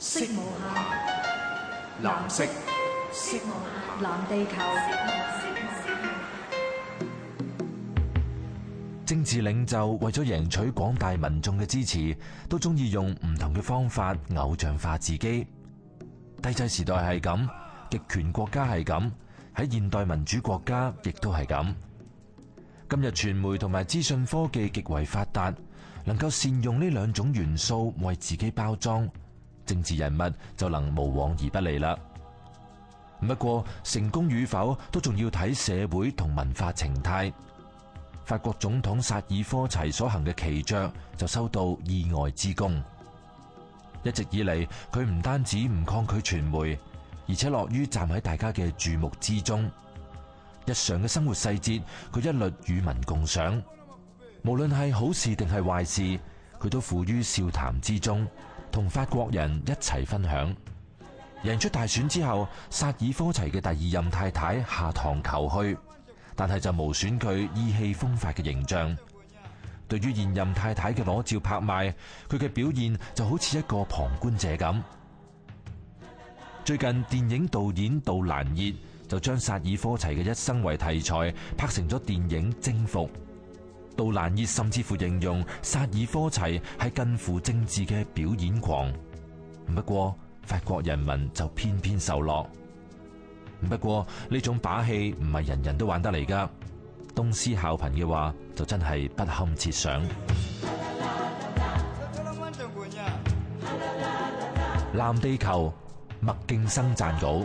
色無限，藍色色無限，藍地球色母色母色母。政治領袖為咗贏取廣大民眾嘅支持，都中意用唔同嘅方法偶像化自己。帝制時代係咁，極權國家係咁，喺現代民主國家亦都係咁。今日傳媒同埋資訊科技極為發達，能夠善用呢兩種元素為自己包裝。政治人物就能無往而不利啦。不過成功與否都仲要睇社會同文化情態。法國總統薩爾科齊所行嘅奇著就收到意外之功。一直以嚟，佢唔單止唔抗拒傳媒，而且樂於站喺大家嘅注目之中。日常嘅生活細節，佢一律與民共享，無論係好事定係壞事，佢都付於笑談之中。同法國人一齊分享。贏出大選之後，薩爾科齊嘅第二任太太下堂求去，但係就無損佢意氣風發嘅形象。對於現任太太嘅裸照拍賣，佢嘅表現就好似一個旁觀者咁。最近電影導演杜蘭熱就將薩爾科齊嘅一生為題材拍成咗電影《征服》。杜難以，甚至乎形容薩爾科齊係近乎政治嘅表演狂。不過法國人民就偏偏受落。不過呢種把戲唔係人人都玩得嚟噶。東施效顰嘅話，就真係不堪設想。藍地球麥敬生撰稿。